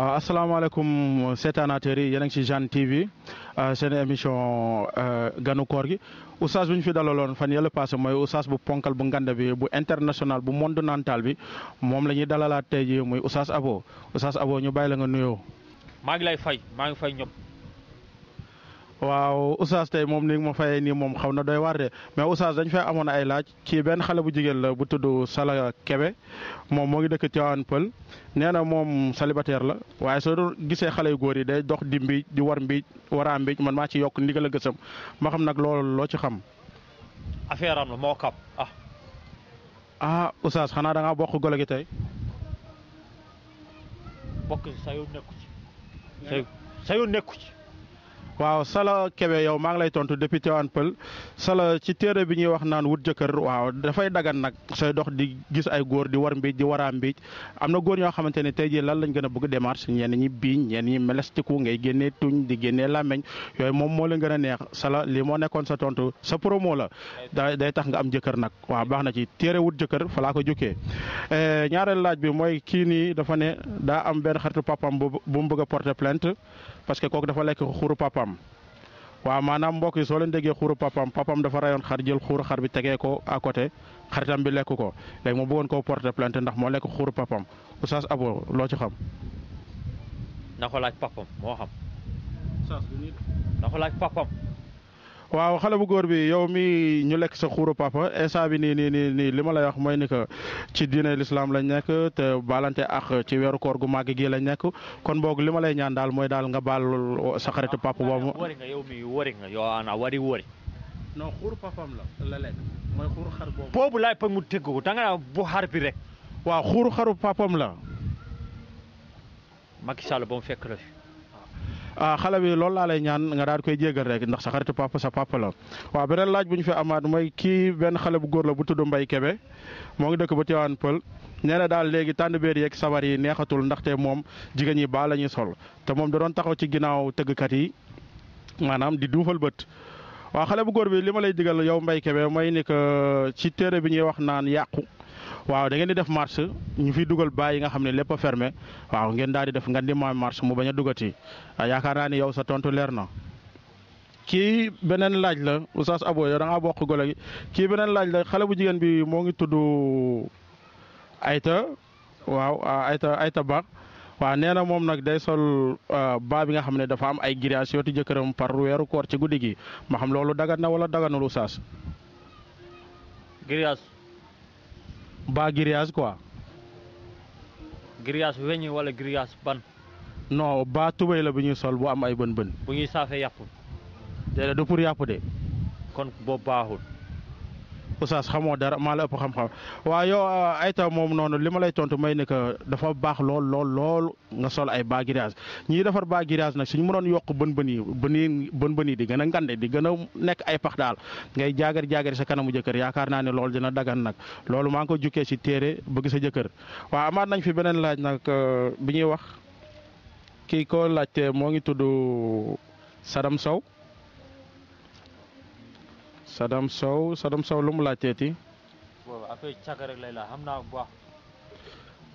Euh, asalaamaaleykum seetaanateur yi yéen a ngi ci Hann TV euh, seen émission euh, ganu koor gi oustaz bi ñu fi dalaloon fan yële passé mooy oustaz bu ponkal bu ngande bi bu international bu mondantal bi moom la ñuy dalalaat tey jii muy oustaz Abo oustaz Abo ñu bàyyi la nga nuyoo. maa ngi lay fay maa ngi fay ñëpp. waaw oustaz tey moom ni ma fayee nii moom xaw na doy waar de mais oustaz dañ fay amoon ay laaj ci benn xale bu jigéen la bu tudd Sala Kebe moom moo ngi dëkk Tivaouane pël nee na moom célibataire la waaye soo gisee xale yu góor yi day dox di mbiij di war mbiij waraa mbiij man maa ci yokk ndigal a gësam ma xam nag loolu loo ci xam. affaire am la moo kap ah. ah xanaa da bokk golo gi tey. bokk nekku ci. waaw sala kebe yow maa ngi lay tontu député waan pël sala ci téere bi ñuy wax naan wut jëkkër waaw dafay dagan nag say dox di gis ay góor di war mbiij di waraa mbiij am na góor ñoo xamante ne tey jii lan lañ gën a bëgg démarche ñenn ñi biiñ ñenn ñi melestiku ngay génnee tuñ di génnee làmmeñ yooyu moom moo la gën a neex sala li moo nekkoon sa tontu sa promo la day tax nga am jëkkër nag waaw baax na ci téere wut jëkkër fa laa ko jukkee eh, ñaareel laaj bi mooy kii nii dafa ne daa am benn xaritu papam bu mu bëgg a porter plainte parce que kooku dafa lekk xuru papam papam waaw maanaam mbokk yi soo leen déggee xuuru papam papam dafa rayoon xar jël xuuru xar bi tegee ko à côté xaritam bi lekk ko léegi mu bëggoon koo porter plainte ndax moo lekk xuuru papam oustaz Abo loo ci xam. na ko laaj papam moo xam. waaw xale bu góor bi yow mi ñu lekk sa xuuru papa instant bi nii nii nii nii li ma lay wax mooy ni que ci diine lislaam lañ nekk te baalante ak ci weeru koor gu màgg gii la nekk kon boog li ma lay ñaan daal mooy daal nga baal sa xaritu papa boobu. wari nga yow mi wari nga yow ana wari wari. non xuuru papaam la la mooy xuuru xar boobu. boobu laay pa mu tëgg ko danga bu xar bi rek. waaw xuur xaru papam la. Macky Sall ba fekk la fi. Ah, xale bi loolu laa lay ñaan nga daal koy jéegal rek ndax sa xaritu papa sa papa la waaw beneen laaj bu ñu fi amaat mooy kii benn xale bu góor la bu tudd Mbay Kebe moo ngi dëkk ba Tivaouane Pël nee na daal léegi tànn béer yeeg sabar yi neexatul ndaxte moom jigéen ñi baa la ñuy sol te moom da doon taxaw ci ginnaaw tëggkat yi maanaam di duufal bët waa xale bu góor bi li ma lay digal yow Mbay Kebe mooy ni que ci téere bi ñuy wax naan yàqu waaw da ngeen di def marche ñu fiy dugal baay yi nga xam ne lépp a waaw ngeen daal di def ngan di ma marche mu bañ a dugati ah, yaakaar naa ni yow sa tontu leer na. kii beneen laaj la oustaz abo yow bokk golo gi kii beneen laaj la xale bu jigéen bi moo ngi tudd Ayta waaw Ayta ah, Ayta Ba waaw nee na moom nag day sol ah, baa bi nga xam ne dafa am ay grillage yooti jëkkëram par weeru koor ci guddi gi ma xam loolu dagan na wala daganul oustaz grillage baa grillage quoi. grillage weñ wala grillage ban. non baa tubéy la bu ñuy sol bu am ay bën-bën. bu ñuy saafee yàpp. déedéet du pour yàpp de. kon boobu baaxul. oustaz xamoo dara maa la ëpp xam-xam waaw yow euh, Aïta moom noonu li ma lay tontu may ne dafa baax lool lool nga sol ay bagirage ñii defar bagirage nag suñu mënoon yokk bën bën yi bën yi bën bën yi di gën a ngande di gën a nekk ay pax daal ngay jaagar jaagar sa kanamu jëkkër yaakaar naa ne loolu dina dagan nag loolu maa ngi ko jukkee si téere bëgg sa jëkkër waa amaat nañ fi beneen laaj nag euh, bi ñuy wax kii ko laajte moo ngi tudd Sadam Sow Sadam Sow Sadam Sow lu mu laajteeti. boobu affaire lay la xam naa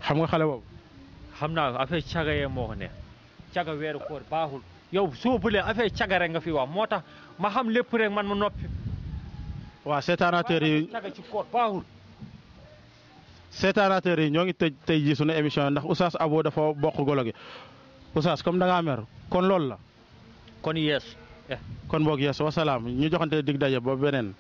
xam nga xale boobu. xam naa affaire caga yee moo ne caga weeru koor baaxul yow soo bëlee affaire caga nga fi wax moo tax ma xam lépp rek man ma noppi. waa seetaanateur yi caga yi ñoo ngi tëj tey jii sunu émission ndax Oustaz Abo dafa bokk golo gi Oustaz comme da mer kon loolu la. kon yees. kon boog yes wasalaam ñu joxante dig daje ba beneen.